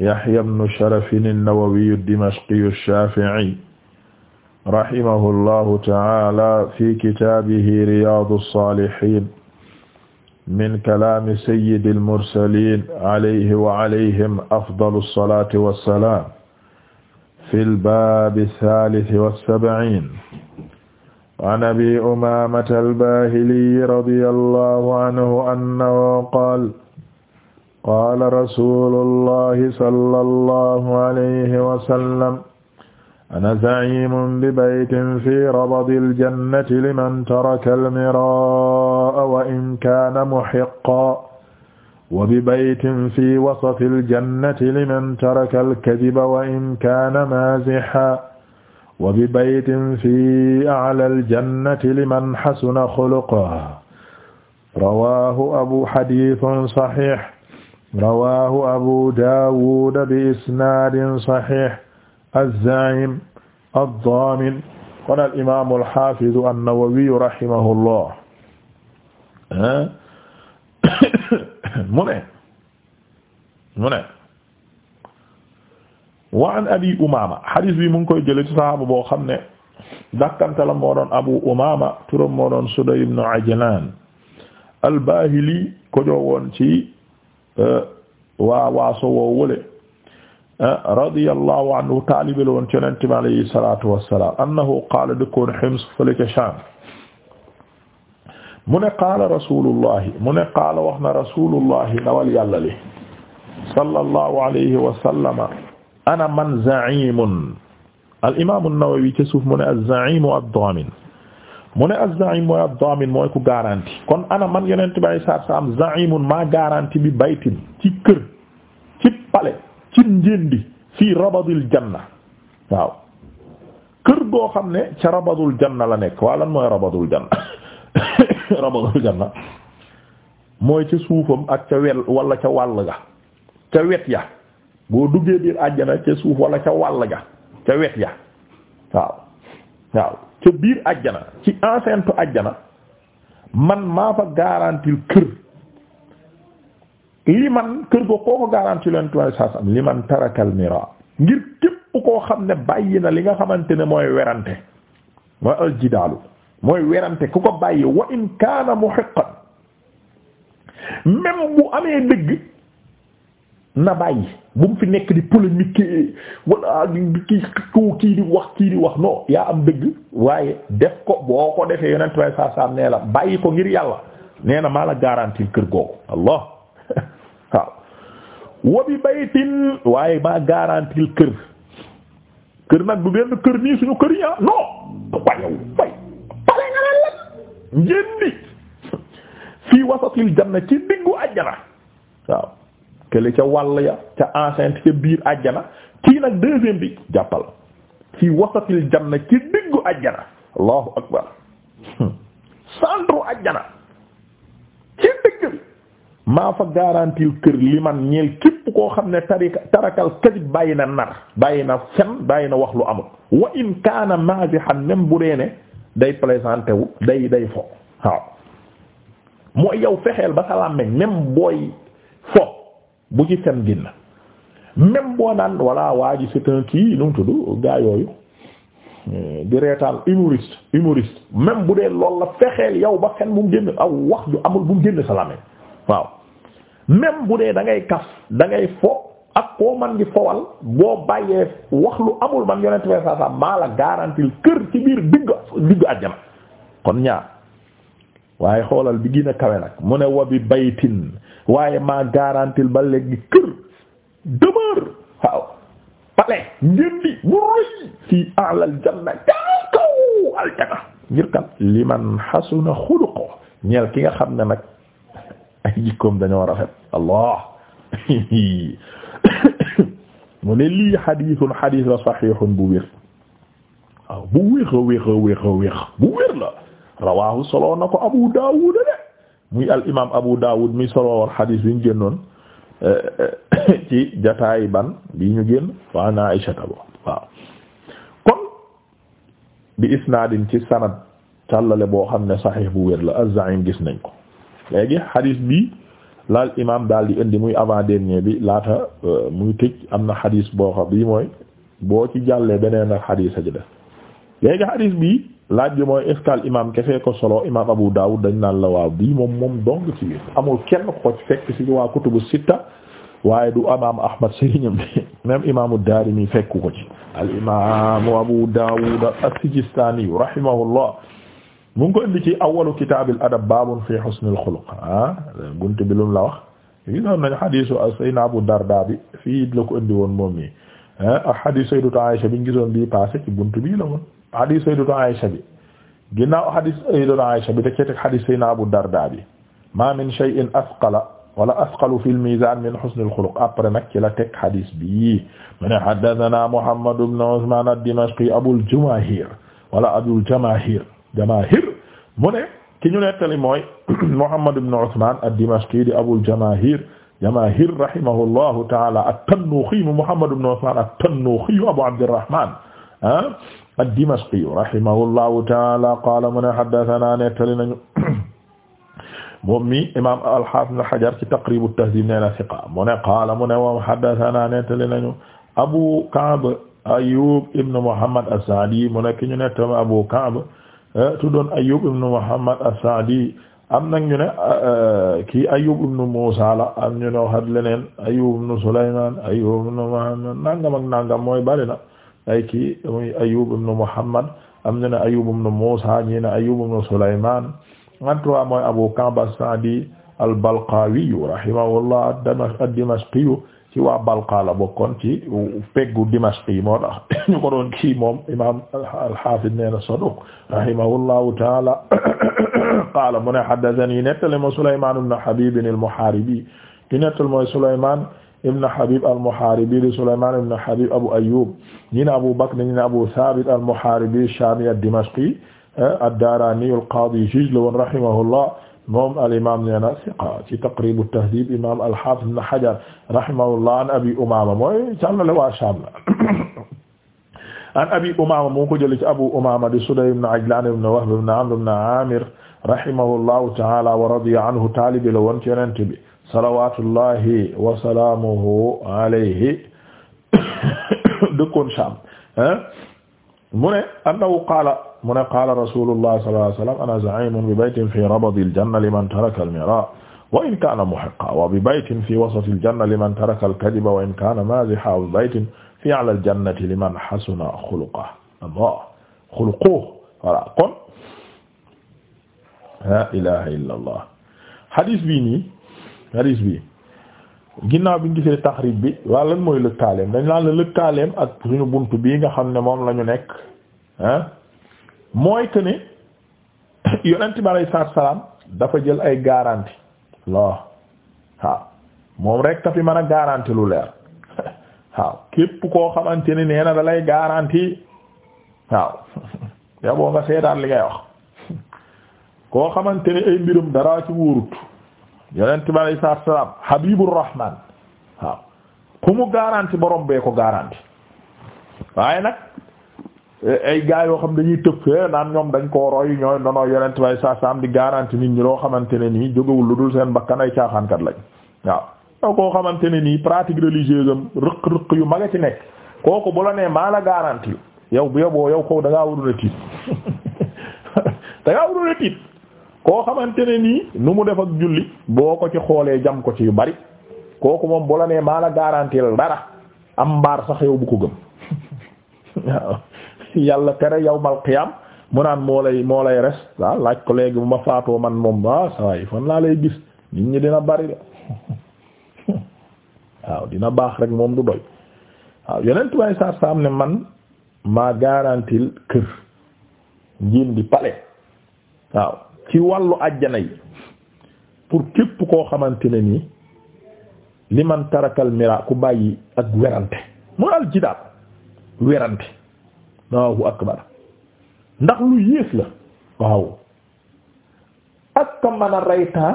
Yahya ibn Sharaf an-Nawawi ad-Dimashqi ash-Shafi'i rahimahullahu ta'ala fi kitaabihi Riyaadu as-Saalihiin min kalaami sayyidil mursaliin alayhi wa alayhim afdalu as-salaati was-salaam fil baabi as-saalisi was-sab'iin an Abi Umaamata al-Baahili radiyallahu anhu annahu qaala qaala rasuulullahi sallallahu alayhi wa sallam ana za'iimun bi baytin fii rabadil jannati liman tarakal miraa'a wa in kaana muhiqqan wa bi baytin fii wasatil jannati liman tarakal kadiba wa in kaana maazihan wa bi baytin fii a'lal jannati liman hasuna xuluquhu rawaahu abu hadiisin sahiih rawaahu abu daawud bi isnaadin saxiix az-zaa'im ad-daamin qaala al-imaam al-haafiz an-nawawi rahimahullah mu ne mu ne wa an abi umaama hadiis bi mu ngi koy jëlee ci saxaaba boo xam ne dakkantalam moo doon abu umaama turam moo doon suday ibn ajlaan al-baahili ko joowoon ci Euh, waa waaso woo wële euh, radiyallahu anhu taalibe la woon ci Yonent bi alayhi salaatu wassalaam annahu qaala dëkkoon Hims fële ca Shaam mu ne qaala rasulullahi mu ne qaala wax na rasulullahi ndawal yàlla li sallallahu alayhi wa sallama ana man za'imun al imaamu Nawawi ca suuf mu ne az-za'imu ad-daamin mu ne az-za'im mooy ad-damin mooy ku garanti kon ana man yonent bi saa saa am za'imun maa garanti bi baytin ci kër ci pale ci njëndi fii rabadul janna waaw kër goo xam ne ca rabadul janna la nekk waa lan mooy rabadul janna rabadul janna mooy ca suufam ak ca wel wala ca wàll ga ca wet ya boo duggee biir àjjana ca suuf wala ca wàll ga ca wet ya waaw waaw ca biir ajjana ci enceinte ajjana man maa fa garantil kër li man kër go koo ko garanti leen tubaab saa sam li man tarakal mira ngir képp koo xam ne bàyyi na li nga xamante ne mooy werante mooy aljidaalu mooy werante ku ko bàyyi wa in kaana muhiqqan même bu amee dëgg na bàyyi bu mu fi nekk di polémique wala kii kii di wax kii di wax non yaa am dëgg waaye def ko boo ko defee yonent way saa bàyyi ko ngir yàlla nee na maa la garantie kër googu allah waaw wa bi waaye maa garantie kër kër nag du benn kër nii suñu kër yaa ah non wayow way pare nga la lan njén fii wasatil janna ci diggu àjjana waaw kële ca wàll ya ca enceinte ca biir ajjana kii nag deuxième bi jàppal ci wasatil janna ci diggu ajjana allahu akbar centre ajjana ci digg bi maa fa garantir kër li man ñeel képp koo xam ne tarika tarakal kadib bàyyi na nar bàyyi na fen bàyyi na wax lu amul wa in kaana mazihan même bu dee day plaisanter wu day day fo waaw mooy yow fexeel ba sa làmmeñ booy fo bu ci fen génn même boo naan walla waa ji c'est un kii nu mu tudd gaa yooyu eh, di reetaan humoriste humoriste même bu dee loolu la fexeel yow ba fen bu mu génn aw wax ju amul bu mu génn sa lame waaw même bu dee da ngay kaf da fo ak koo man di fowal boo bàyyee wax lu amul man yonent fee saa saa maa la garantil kër ci biir diggu diggu àjjana kon ñaar waaye xoolal bi gën a kawe nag mu ne wabi baytin waaye maa garantil ba léegi kër demeure waaw palais njëndi bu rëy fii alal aljana ngir kan liman xasuna xuluqo ñeel ki nga xam ne nag ay jikkoom dañoo rafet allah mu ne lii xadiisun xadiis la saxiixun bu wér waaw bu wéex a wéex a wéex bu wér la rawaahu solo na ko Abu Dawud de muy al imaam Abu Dawud mi solo woon xadiis bi ñu génnoon ci jataayi ban bi ñu génn waa na Aisha bo waaw kon bi isnaadin ci sanad càllale boo xam ne saxiix bu wér la az-Za'im gis nañ ko léegi xadiis bi laal imaam daal di indi muy avant dernier bi laata euh, muy tëj am na xadiis boo bi mooy boo ci jàllee beneen ak xadiis a ci def léegi xadiis bi laaj bi mooy est al imaam kefee ko solo imaam Abu Dawud dañ naan la waaw bii moom moom dong ci wér amul kenn ko fekk ci waa kutubu sitta waaye du imaam Ahmad sëriñam bi même imaamu Daarimi fekku ko ci al imaamu Abu Dawud as-Sijistani rahimahullah mu ngi ko indi ci awwalu kitaabil adab baabun fi husnil xuluq ah buntu bi lum la wax yi doon nañu hadiisu Sayyidina Abu Darda bi fii la ko indi woon moom nii ah hadiisu Sayyidatu Aisha biñ gisoon bii passé ci buntu bii la hadis sayyidatu Aisha bi ginnaaw hadis sayyidatu Aisha bi te ceeteg hadis sayyidina Abu Darda bi ma min shay'in asqala wala asqalu fil mizan min husnil xuluq après nag ci la teg hadis bi mu ne haddathana Muhammad ibn Usman ad-Dimashqi Abul Jamaahir wala Abul Jamaahir Jamaahir mu ne ki ñu nettali mooy Muhammad ibn Usman ad-Dimashqi di Abul Jamaahir Jamaahir rahimahullahu ta'ala at-Tannuukhi Muhammad ibn Usman at-Tannuukhi Abu Abdirrahmaan ah. ad-Dimashqi rahimahullahu taala qaala mu ne haddathana nettali nañu moom mi imaam al-Hafiz Ibn Hajar ci Taqrib at-Tahdhib nee na thiqa mu ne qaala mu ne moom haddathana nañu Abu Ka'b Ayyub ibn Muhammad as-Sa'di mu nekk ñu nettali Abu Ka'b eh, tuddoon Ayyub ibn Muhammad as-Sa'di am nag ñu ne eh, kii Ayyub ibn Musa la am ñu ne waxat leneen Ayyub ibn Sulayman Ayyub ibn Muhammad nangam ak nangam ay kii muy Ayyub ibn Muhammad am na ne Ayyub ibn Musa ñi ne Ayyub ibn Sulayman antroit mooy Abu Ka'b as-Sa'di al-Balqawi rahimahullah ad-Dimashqi ci waa Balqa la bokkoon ci peggu Dimashq yi moo tax ñu ko doon kii moom imam al-Hafiz nee na saduq rahimahullahu taala qaala mu ne haddathani nettale ma Sulayman ibn Habib al-Muharibi ki nettal mooy Sulayman ibn Habib al-Muharibi di Sulaymaan ibn Habib Abu Ayyub ñi ne Abu Bakr ñi ne Abu Thabit al-Muharibi ash-Shami ad-Dimashqi eh, ad-Darani al-Qadi juge la woon rahimahullah moom al-imaam nee na siqa ci Taqrib at-Tahdhib imaam al-Hafiz ibn Hajar rahimahullah an Abi Umama mooy càllale waa Sham an Abi Umama moo ko jëlee ci Abu Umama di Sudayy ibn Ajlan ibn Wahb ibn Amr ibn Amir rahimahullahu ta'ala wa radiya anhu taalibi la woon ci Yonent bi salawaatullahi wa salaamuhu alayhi dëkkoon Sham mu ne annahu qaala mu ne qaala rasuulullah sallallahu alayhi wa sallam ana za'iimun bi baytin fi rabadil janna liman taraka al-miraa wa in kaana muhiqqan wa bi baytin fi wasatil janna liman taraka al-kadhiba wa in kaana maazihan wa bi baytin fi a'lal jannati liman hasuna xuluquhu Allah xuluquhu voilà kon laa ilaaha illallaah hadiis bi nii hadis bi ginnaaw bi ñu gisee taxrib bi waa lan mooy lëkkaaleem dañ naan la lëkkaaleem ak suñu bunt bii nga xam ne moom la ñu nekk ah mooy que ne yonent bi alayhi salaatu salaam dafa jël ay garanti loo waaw moom rek ka fi mën a garanti lu leer waaw képp koo xamante ne nee na da garanti waaw yow nga seetaan li ngay wax koo xamante ne ay mbirum daraa ci wóorut. yonent bi alayhi salaatu wa salaam Habibur Rahman waaw ku mu garanti borom bee ko garanti waaye nag ay gaa yoo xam dañuy tëb fee naan ñoom dañ koo roy ñooy nonoo yonent bi alayhi salaatu wa salaam di garanti nit ñi loo xamante ne nii jógewul lu dul seen bakkan ay caaxaankat lañ waaw yow koo xamante ne nii pratique religieuse am rëq-rëq yu mag a ci nekk kooku bu la nee maa la garanti yow bu yoboo yow ko da ngaa warul a tiit da ngaa warul a tiit koo xamante ne nii nu mu def ak julli boo ko ci xoolee jam ko ci yu bari kooku moom bu la nee maa la garantir dara am mbaar sax yow bu ko gëm waaw yàlla tere yawmal qiyaam mu naan moo lay moo lay res waaw laaj ko léegi bu ma faatoo man moom ah saa yi fan laa lay gis nit ñi dina bari de waaw dina baax rek moom du doy waaw yeneen tubaab saa saa am ne man maa garantil kër njiin di pale waaw. ci wàllu àjjana yi pour képp koo xamante ne nii li man tarakal mira ku bàyyi ak werante mooy aljidaal werante Allahu akbar ndax lu yées la waaw ak ka mën a reytaa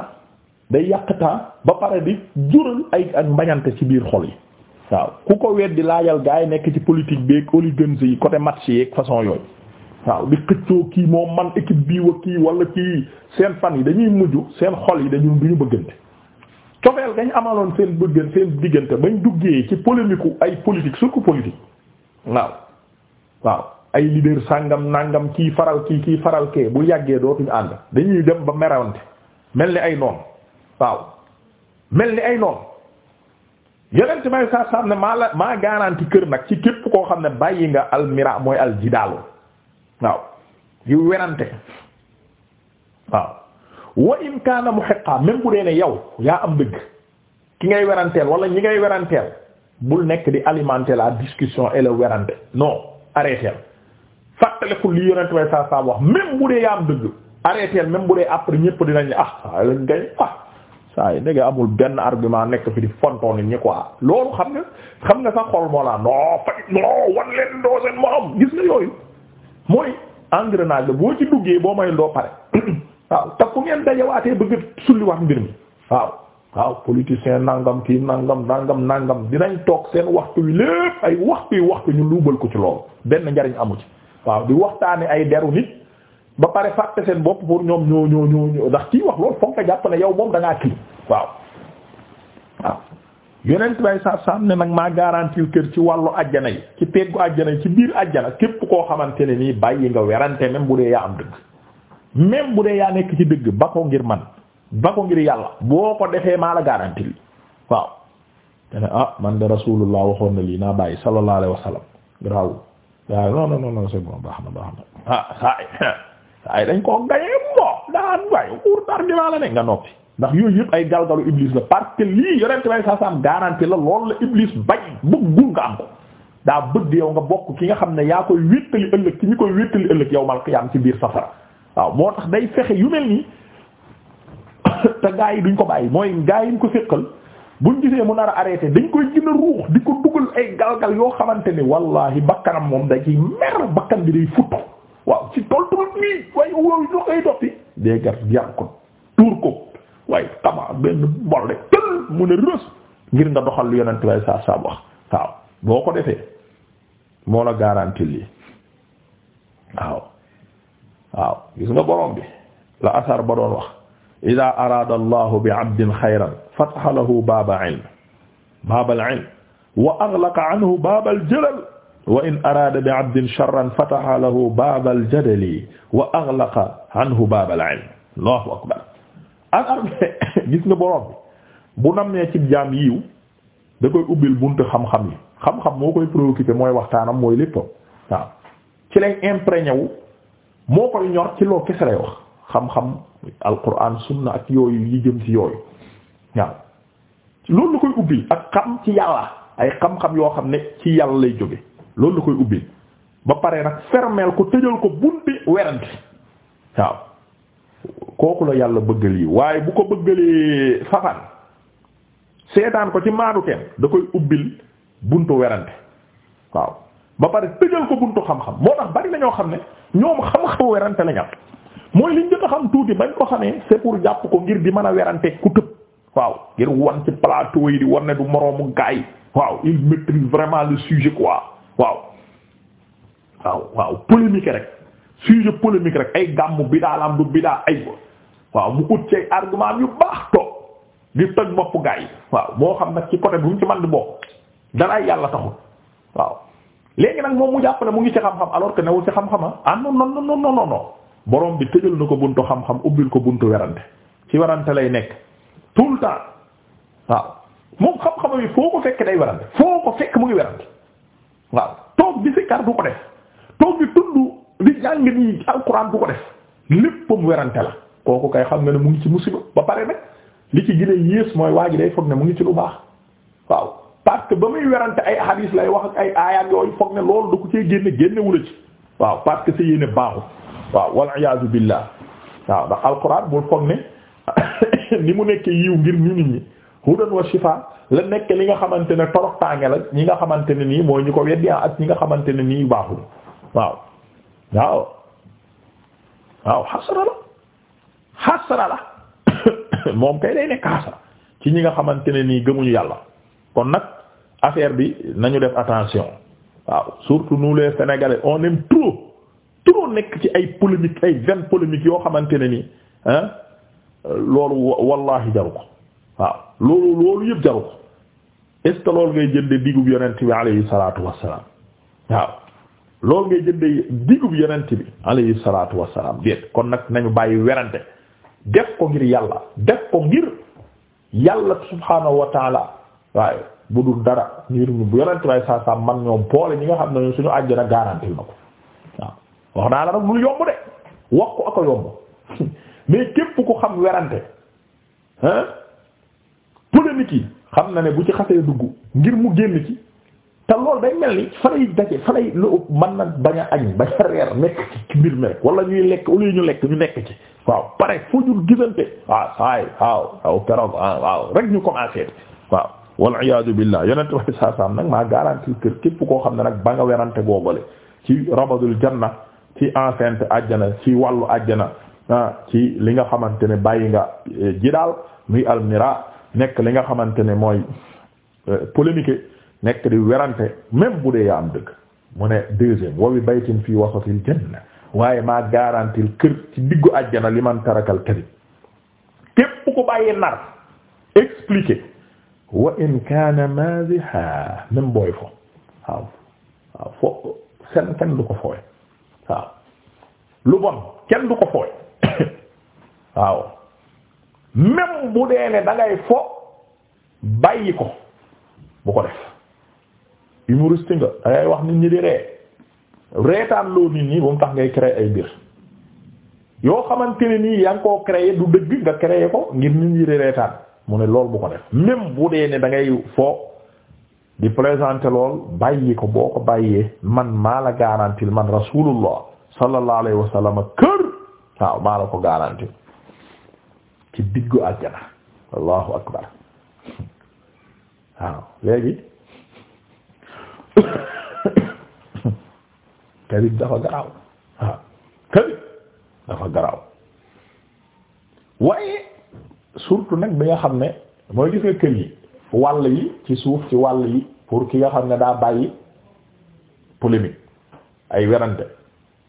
day yàqtaa ba pare di jural ay ak mbañante ci biir xol yi waaw ku ko weddi laajal gaa yi nekk ci politique beeg oliganse yi côté match yeeg façon yooyu waaw di xëccoo kii moom man équipe bii wa kii wala kii seen fan yi dañuy mujj seen xol yi dañu duñu bëggante cofeel dañ amaloon seen bëggante seen diggante bañ duggee ci polémique ay politique surtout politique waaw waaw ay leader sàngam nàngam kii faral kii kii faral kee bu yàggee dootuñu ànd dañuy dem ba merante mel ni ay noon waaw mel ni ay noon yeneen ci may saa saa ne maa la maa garanti kër nag ci képp koo xam ne bàyyi nga almira mooy aljidaalo waaw yu werante waaw wa in kaana muhiqqa même bu dee ne yow yaa am dëgg ki ngay weranteel wala ñi ngay weranteel bul nekk di alimentaire la discussion et le werante non arrêteel fàttaliku li yonent way saa saa wax même bu dee yaa am dëgg arrêteel même bu dee après ñëpp dinañ ah saa ah saa yi ndege amul benn argument nekk fi di fontoon ñi quoi loolu xam nga xam nga sa xol moo la non fay non wan leen doo seen gis nga yooyu mooy engrenage la boo ci duggee boo may doo pare waaw te fu ngeen dajawaatee bëgg sulliwaat mbir mi waaw waaw politicien nangam kii nangam nangam nangam dinañ toog seen waxtu wi lépp ay waxtu yi waxtu ñu luubal ko ci loolu benn njariñ amu ci waaw di waxtaane ay deru nit ba pare fàtte seen bopp pour ñoom ñoo ñoo ñoo ndax kii wax loolu foog jàpp ne yow moom da ngaa waaw yonent bay sa sam ne nag maa garantir kër ci wàllu ajjana yi ci peggu ajjana yi ci biir ajjana képp koo xamante ne nii bàyyi nga werante même bu dee yaa am dëgg même bu dee yaa nekk ci dëgg ba ko ngir man ba ko ngir yàlla boo ko defee maa la garantir waaw tene ah man de rasulullah waxoon na lii naa bàyyi sallallahu alayhi wa sallam graw waaw non non non non c'est bon baax na baax ah saa yi dañ koo gañee moo daan waaye uur tar gi la ne nga noppi ndax yooyu yëpp ay galgalu iblis la parce que lii yorente bay saa saam garantie la loolu la iblis bañ bëggul nga am ko daa bëgg yow nga bokk ki nga xam ne yaa koy wéttali ëllëg ki ñu koy wéttali ëllëg yow mal qiyaam ci biir safara waaw moo tax day fexe yu mel nii te gaa yi duñ ko bàyyi mooy gaa yi ñu ko séqal buñ gisee mu nar a arrêté dañ koy gën ruux di ko dugal ay galgal yoo xamante ni wallahi bakkanam moom dañ ci mer bakkan bi day futt waaw ci toltulut nii waaye wow ñoo koy ko tuur ko way tama benn mbol de tël mu ne rës ngir nga doxal lu yonent way saa saa wax waaw boo ko defee moo la garantie lii waaw waaw gis nga borom bi la asar ba doon wax ida araada allahu bi abdin xayran fataha lahu baaba ilm baaba al ilm wa aghlaqa anhu baaba al jalal wa in araada bi abdin sharran fataha lahu baaba al jadali wa aghlaqa anhu baaba al ilm allahu akbar al armée gis nga borom bi bu nammee ci jaam yiw da koy ubbil bunt xam-xam yi xam-xam moo koy préoccupé mooy waxtaanam mooy léppam waaw ci lañ imprégné wu moo koy ñor ci loo kese lay wax xam-xam alquran sunna ak yooyu yi jëm ci yooyu waaw loolu la koy ubbil ak xam ci yàlla ay xam-xam yoo xam ne ci yàlla lay jóge loolu la koy ubbil ba pare nag fermeel ko tëjal ko bunti werante waaw kooku la yàlla bëggal yi waaye bu ko bëggalee fafan seetaan ko ci maadu teen da koy ubbil buntu werante waaw ba pare tëjal ko buntu xam-xam moo tax bari na ñoo xam ne ñoom xam-xam werante lañ am mooy liñ jot xam tuuti bañ ko xamee c'est pour jàpp ko ngir di man a werante ku tëb waaw ngir wan ci plateau yi di wan ne du moroomu gaay waaw il maîtrise vraiment le sujet quoi waaw waaw waaw polémique rek sujet polémique rek ay gàmmu bidaa la am du bidaa waaw mu ut ci argument yu baax toog di toj bopp gaa yi waaw moo xam nag ci côté bu mu ci man di bokk ay yàlla taxul waaw léegi nag moom mu jàpp ne mu ngi ci xam-xam alors que newul ci xam-xama ah, ah non non non non non borom bi tëjal na ko buntu xam-xam ubbil ko buntu werante ci werante lay nekk tout le temps waaw moom xam-xama bi foo ko fekk day werante foo ko fekk mu ngi werante waaw toog di sikkar du ko def toog di tudd di jàng nii alxuraan du kooku kay xam nga ne mu ngi ci musiba ba pare nag li ci gën a yées mooy waa ji day foog ne mu ngi ci lu baax waaw parce ba muy werante ay hadis lay wax ak ay aayaat yooyu foog ne loolu da ko cee génne génnewula ci waaw parce que sa yéene baaxul waaw wal iyaazu billah waaw ndax alquran bul mu nekk yiw ngir ñu nit ñi hudan wa shifa la nekk li nga xamante ne toroxtaange la ñi nga xamante ne nii mooy ñu ko weddi ak ñi xamante ne nii baaxul waaw waaw la xasra la moom kay day nekk xasra ci ñi nga xamante ne nii gëmuñu yàlla kon nag affaire bi nañu def attention waaw surtout nous les sénégalais on aime trop trop nekk ci ay polémique ay vaine polémique yoo xamante ne nii loolu wallahi jaru ko waaw loolu loolu yëpp jaru ko est loolu ngay jënde digub yonent bi alayhi salaatu wassalaam waaw loolu ngay jënde digub yonent bi alayhi salaatu wassalaam déet kon nag nañu bàyyi werante ko ngir yàlla def ko ngir yàlla subhaanahu wa taala waaye bu dul dara ngir ñu bu yorante waaye saa saa man ñoom boole ñi nga xam ne ñun suñu àjjana garanti na ko waaw wax naa la nag lu yomb de wax ko ak a yomb mais képp ku xam werante hein polémique yi xam na ne bu ci xasee dugg ngir mu génn ci te loolu day mel ni fa lay daje fa lay lu mën na bañ a añ bañ a nekk ci mbir mi rek wala ñuy lekk au lieu lekk ñu nekk ci waaw pare foo ñu gisante waaw ah, saay waaw waaw keroog ah, waaw rek ñu commencé waaw wal iyaadu billah yonent waxe saasaam nag maa képp koo xam ne nag ba nga werante googale ci rabadul janna ci enceinte ajjana ci wàllu ajjana ah, ci li nga xamante ne bàyyi nga eh, ji daal muy almira nekk li nga xamante ne mooy eh, polémique nekk di werante même bu dee yaa am dëgg mu ne deuxième wawi baytin fii wasatil janna waaye maa garantil kër ci diggu àjjana li man tarakal kadib képp ko bàyyi nar expliquer wa in kaana maziha même booy fo waaw waaw fo sen kenn du ko fooy waaw lu bon kenn du ko fooy waaw même bu dee ne da ngay bàyyi ko bu ko def humoriste nga dangay wax nit ñi di ree reetaan loo nit ñi ba mu tax ngay créer ay mbir yoo xamante ne nii yaa ngi koo créer du dëgg nga créer ko ngir nit ñi di reetaan mu ne lool bu ko def même bu dee ne dangay foo di plaisanter lool bàyyi ko boo ko bàyyee man maa la garantil man rasulullah sallallahu alayhi wa sallam kër waaw maa la ko garantil ci diggu àjjana allahu akbar waaw léegi kadib dafa garaaw waaw ah. kadib dafa garaaw waaye surtout nag bi nga xam ne mooy gis kër yi wàll yi ci suuf ci wàll yi pour ki nga xam ne daa bàyyi polémique ay werante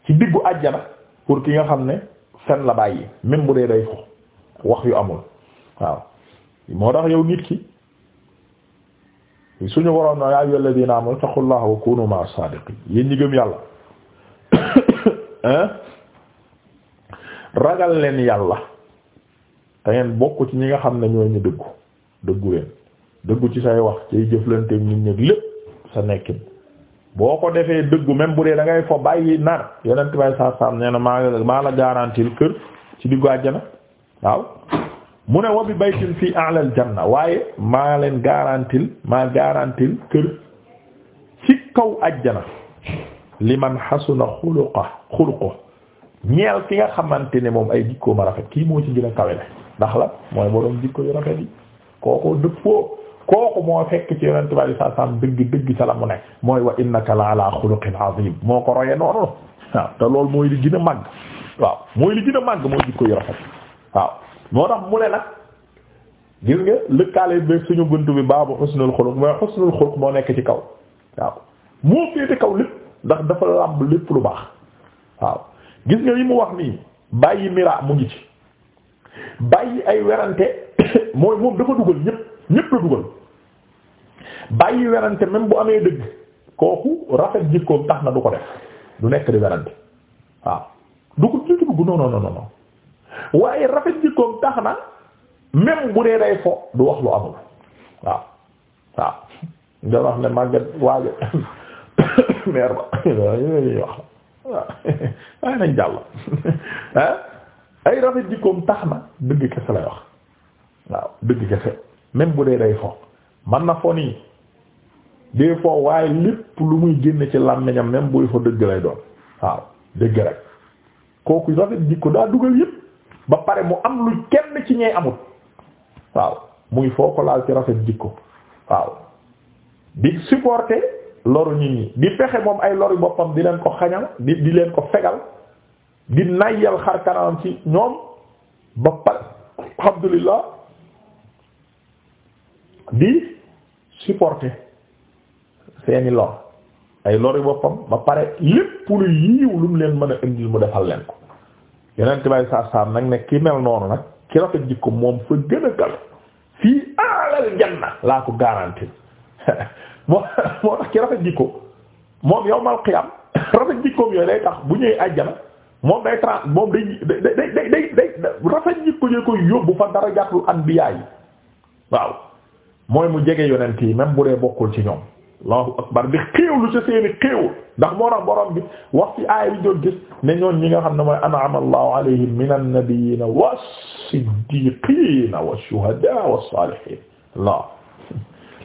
ci diggu àjjana pour ki nga xam ne fen la bàyyi même bu dee day fo wax yu amul waaw moo tax yow nit ki suñu waroon na yaa ayyuhal ladina amanu taqullaha wa kunu ma'as sadiqin ñi gëm yàlla hein ragal leen yàlla te ngeen bokk ñi nga xam ne ñoo ñu dëggu dëggu leen dëggu ci say wax ciy jëflante nit ñi lépp sa nekkin boo ko defee dëggu même bu dee dangay ngay bàyyi nar yonent bay saa saam nee na maa la garantil kër ci diggu àjjana waaw mu ne wa bi baytin fii a'la al janna waaye maa leen garantil maa garantil kër ci kaw ajjana liman xasuna xuluqa xuluqa ñeel ki nga xamante ne moom ay ma rafet kii moo ci gën a kawele ndax la mooy boroom jikko yu rafet yi kooku dëppoo kooku moo fekk ci yonent bi saa dëgg dëgg sa la mu ne mooy wa innaka la ala xuluqin azim moo ko roye waaw te loolu mooy li gën a waaw mooy li gën a màgg mooy jikko yu rafet waaw moo tax mu ne nag gis nga lëkkaale bi suñu bunt bi baabu xusnul xuluq mooy xusnul xuluq moo nekk ci kaw waaw moo féete kaw lépp ndax dafa làmb lépp lu baax waaw gis nga yi mu wax nii bàyyi mira mu ngi ci bàyyi ay werante mooy moom dafa dugal ñépp ñépp la dugal bàyyi werante même bu amee dëgg kooku rafet jikkoom tax na du ko def du nekk di werante waaw du ko du dugg non non non non waaye rafet jikkoom tax na même bu dee day fo du wax lu amul waaw waaw nga wax ne màgget waajo meer ba yooyu wax waaw waaye nañ jàll ay rafet jikkoom tax na dëgg kese lay wax waaw dëgg kese même bu dee day fo man na fo nii des fois waaye lépp lu muy génne ci làmmiñam même buy fo dëgg lay doon waaw dëgg rek kooku rafet jikko daa dugal yépp ba pare mu am lu kenn ci ñey amut waaw muy foo ko laal ci rafet jikko waaw di supporter loru nit ñi di fexe moom ay lori boppam di leen ko xañal di di leen ko fegal di nayyal xar kanam ci ñoom ba pare alhamdulillah di supporter seeni lor ay lori boppam ba pare lépp lu yiiw lu mu leen mën a indil mu defal leen ko yeneen tibay saar saam nag ne ki mel noonu nag ki rafet jikko moom fa gën a kawe fii jan janna laa ko garanti moo moo tax ki rafet jikko moom yowmal qiyam rafet jikkoom yooyu day tax bu ñëwee àjjana moom day trans moom day day day day rafet jikko yooyu koy yóbbu fa darajatul anbiya yi waaw mooy mu jege yonent yi même bu dee bokkul ci ñoom. allahu akbar di xéewlu ci seeni xéewul ndax moo tax borom bi wax ci aaya bi doon gis ne ñoon ñi nga xam ne mooy an'ama allahu alayhim min annabiyina was-siddiqina wash-shuhada was-salihin la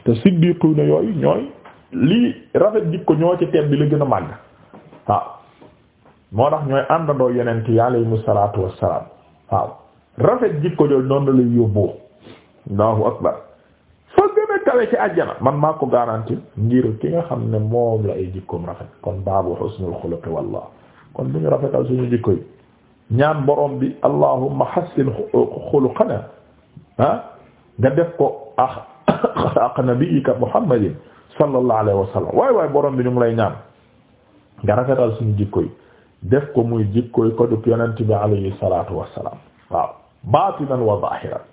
te siddiqina yooyu ñooy lii rafet jikko ñoo ci teb bi la gën a màgg waaw moo tax ñooy àndandoo yonent yi alayhimu salaatu wassalaam waaw rafet jikko jooju allahu akbar kawe ci àjjana man maa ko ngir ki nga xam ne moom la ay jikkoom rafet kon baabu husnul xuluqi wallah kon bu ñu rafetal suñu jikko yi ñaan borom bi allahumma hassin xuluqana ah? nga def ko ah xalaq muhammadin sallallahu alayhi wa sallam bi ñu ngi lay ñaan nga rafetal suñu jikko yi def ko muy jikko yi ko dugg yonent bi alayhi salaatu wa salaam baatinan wa zaahiran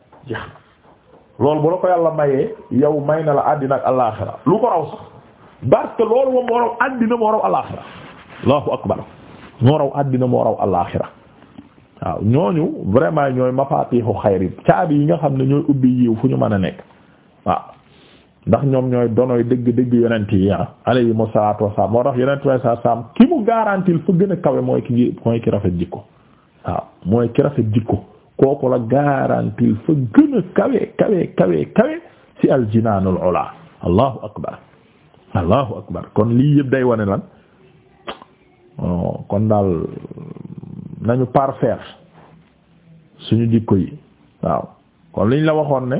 loolu bu ko yàlla mayee yow may na la àddina ak alaaxira lu ko raw sax parce que loolu moom moo raw àddina moo raw alaaxira allahu akbar moo raw àddina moo raw alaaxira waaw ñooñu vraiment ñooy mafaatiixu xayri caabi yi nga xam ne ñooy ubbi yiw fu ñu mën a nekk waaw ndax ñoom ñooy donoy dëgg-dëgg yonent yi ah alayhimu salaatu wassalaam moo tax yonent way sa saam ki mu garantil fu gën a kawe mooy ki mooy ki rafet jikko waaw mooy ki rafet jikko kooku la garantie fa gën a kawe kawe kawe kawe ci aljinaanul ula allahu akbar allahu akbar kon lii yëpp day wone lan oh, kon daal nañu parfaire suñu dikko yi waaw kon liñ la waxoon ne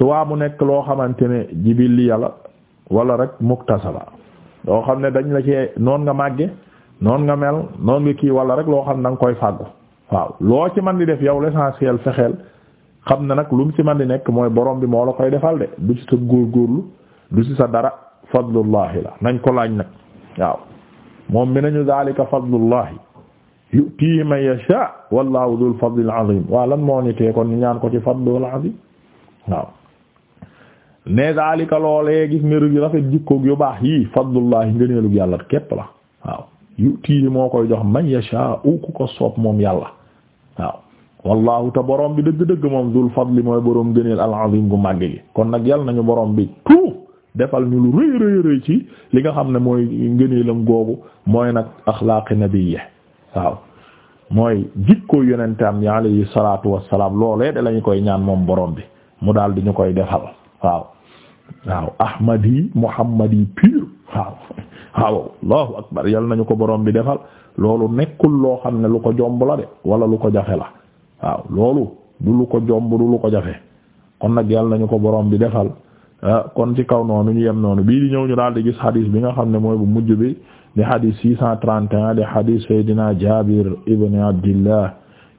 waa mu nekk loo xamante ne jibil li yàlla wala rek muktasaba loo xam ne dañ la ci noon nga màgge noon nga mel noon nga kii wala rek loo xam ne da nga koy fàggu waaw loo ci man di def yow l'essentiel fexeel xam na nag lu mu ci man di nekk mooy boroom bi moo la koy defal de du ci sa góorgóorlu du ci sa dara fadlullahi la nañ ko laaj nag waaw moom mi nañu daalika fadlullahi yu'tihi man yasha wallahu dhul fadlil azim waaw lan moo ñu tee kon ñu ñaan ko ci fadlul azim waaw ne daalika loolee gis nga yu rafet jikkoog yu baax yii fadlullahi ngëneelug yàlla képp la waaw yu'tihi moo koy jox man yasha ku ko moom yàlla waaw wallahu boroom bi dëgg-dëgg moom dul fadli mooy borom gëneel al-azim gu màgg gi kon nag yal nañu borom bi tout defal ñu lu rëy rëy rëy ci li nga xam ne mooy ngëneelam googu mooy nag axlaaqi nabiyyi waaw mooy jikko yonentam yi alayhi salaatu wassalaam loolee da lañu koy ñaan moom boroom bi mu daal di ñu koy defal waaw waaw ahmadi muhammadi pur waaw waaw allahu akbar yal nañu ko boroom bi defal loolu nekkul loo xam ne lu ko jomb la de wala lu ko jafe la waaw loolu du lu ko jomb du lu ko jafe kon nag yàlla nañu ko borom bi defal ah kon ci kaw noonu ñu yem noonu bii di ñëw ñu daal di gis xadiis bi nga xam ne mooy bu mujj bi di xadiis 631 di xadiis Seydina Jaabir ibn Abdillah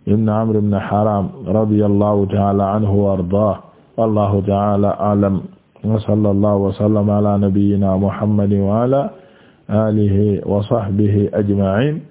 ibn Amr ibn Haram radiyallahu ta'ala anhu wa ardaah wallahu ta'ala a'lam wa sallallahu wa sallama ala nabiyyina Muhammadin wa ala alihi wa sahbihi ajma'in